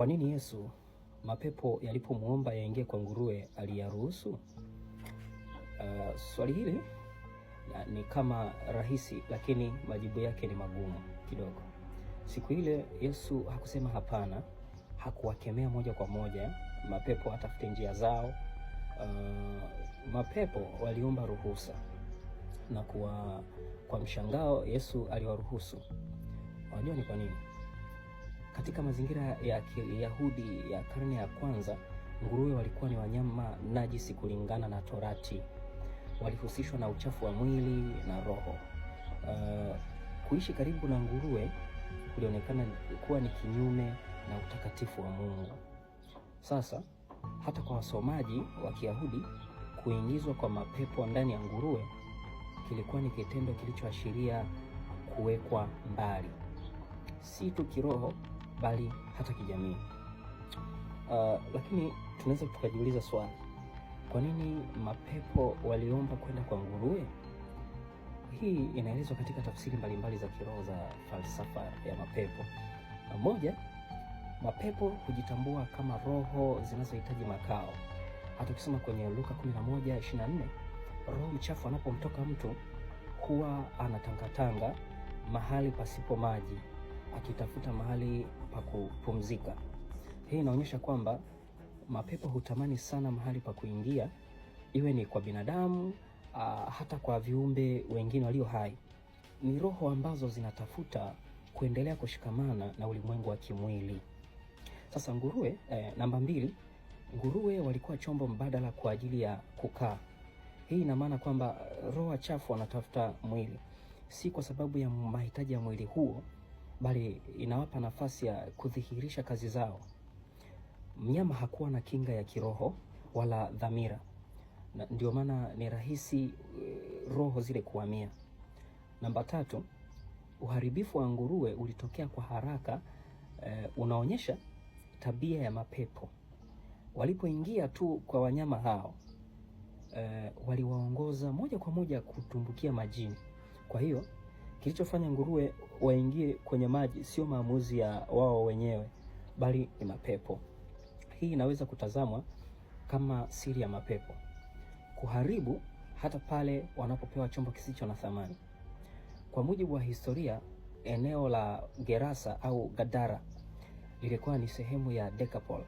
Kwa nini Yesu mapepo yalipomwomba yaingie kwa nguruwe aliyaruhusu? Uh, swali hili ni kama rahisi, lakini majibu yake ni magumu kidogo. Siku ile Yesu hakusema hapana, hakuwakemea moja kwa moja mapepo atafute njia zao. Uh, mapepo waliomba ruhusa na kwa, kwa mshangao Yesu aliwaruhusu. Wajua ni kwa nini? Katika mazingira ya Kiyahudi ya karne ya kwanza, nguruwe walikuwa ni wanyama najisi kulingana na Torati. Walihusishwa na uchafu wa mwili na roho. Uh, kuishi karibu na nguruwe kulionekana kuwa ni kinyume na utakatifu wa Mungu. Sasa hata kwa wasomaji wa Kiyahudi, kuingizwa kwa mapepo ndani ya nguruwe kilikuwa ni kitendo kilichoashiria kuwekwa mbali, si tu kiroho bali hata kijamii. Uh, lakini tunaweza tukajiuliza swali, kwa nini mapepo waliomba kwenda kwa nguruwe? Hii inaelezwa katika tafsiri mbalimbali za kiroho za falsafa ya mapepo. Moja, mapepo hujitambua kama roho zinazohitaji makao. Hata ukisoma kwenye Luka 11:24 roho mchafu anapomtoka mtu huwa anatangatanga mahali pasipo maji akitafuta mahali pa kupumzika. Hii inaonyesha kwamba mapepo hutamani sana mahali pa kuingia, iwe ni kwa binadamu a, ah, hata kwa viumbe wengine walio hai. Ni roho ambazo zinatafuta kuendelea kushikamana na ulimwengu wa kimwili. Sasa nguruwe eh, namba mbili, nguruwe walikuwa chombo mbadala kwa ajili ya kukaa. Hii ina maana kwamba roho wachafu wanatafuta mwili, si kwa sababu ya mahitaji ya mwili huo bali inawapa nafasi ya kudhihirisha kazi zao. Mnyama hakuwa na kinga ya kiroho wala dhamira, ndio maana ni rahisi eh, roho zile kuhamia. Namba tatu, uharibifu wa nguruwe ulitokea kwa haraka. Eh, unaonyesha tabia ya mapepo walipoingia tu kwa wanyama hao eh, waliwaongoza moja kwa moja kutumbukia majini. Kwa hiyo Kilichofanya nguruwe waingie kwenye maji sio maamuzi ya wao wenyewe, bali ni mapepo. Hii inaweza kutazamwa kama siri ya mapepo kuharibu hata pale wanapopewa chombo kisicho na thamani. Kwa mujibu wa historia, eneo la Gerasa au Gadara lilikuwa ni sehemu ya Decapoli,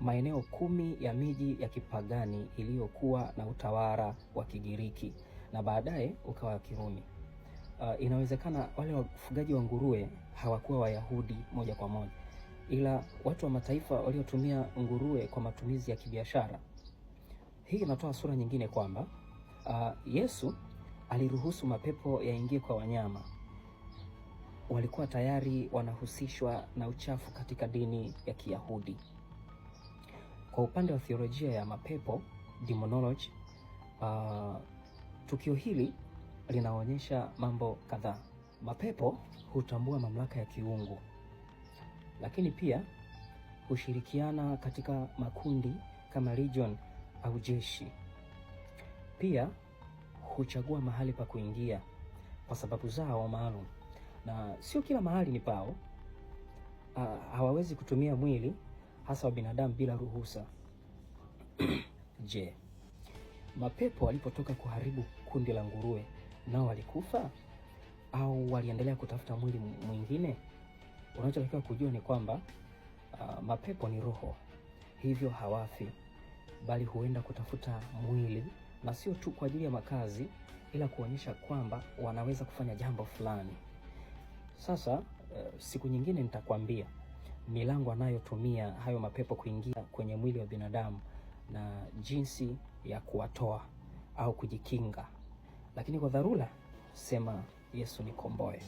maeneo kumi ya miji ya kipagani iliyokuwa na utawala wa Kigiriki na baadaye ukawa Kirumi uh, inawezekana wale wafugaji wa nguruwe hawakuwa Wayahudi moja kwa moja, ila watu wa mataifa waliotumia nguruwe kwa matumizi ya kibiashara. Hii inatoa sura nyingine kwamba uh, Yesu aliruhusu mapepo yaingie kwa wanyama. Walikuwa tayari wanahusishwa na uchafu katika dini ya Kiyahudi. Kwa upande wa theolojia ya mapepo demonology, uh, tukio hili linaonyesha mambo kadhaa. Mapepo hutambua mamlaka ya kiungu, lakini pia hushirikiana katika makundi kama region au jeshi. Pia huchagua mahali pa kuingia kwa sababu zao maalum, na sio kila mahali ni pao. Ah, hawawezi kutumia mwili hasa wa binadamu bila ruhusa. Je, mapepo walipotoka kuharibu kundi la nguruwe nao walikufa au waliendelea kutafuta mwili mwingine? Unachotakiwa kujua ni kwamba uh, mapepo ni roho, hivyo hawafi, bali huenda kutafuta mwili, na sio tu kwa ajili ya makazi, ila kuonyesha kwamba wanaweza kufanya jambo fulani. Sasa uh, siku nyingine nitakwambia milango anayotumia hayo mapepo kuingia kwenye mwili wa binadamu na jinsi ya kuwatoa au kujikinga lakini kwa dharura sema Yesu nikomboe.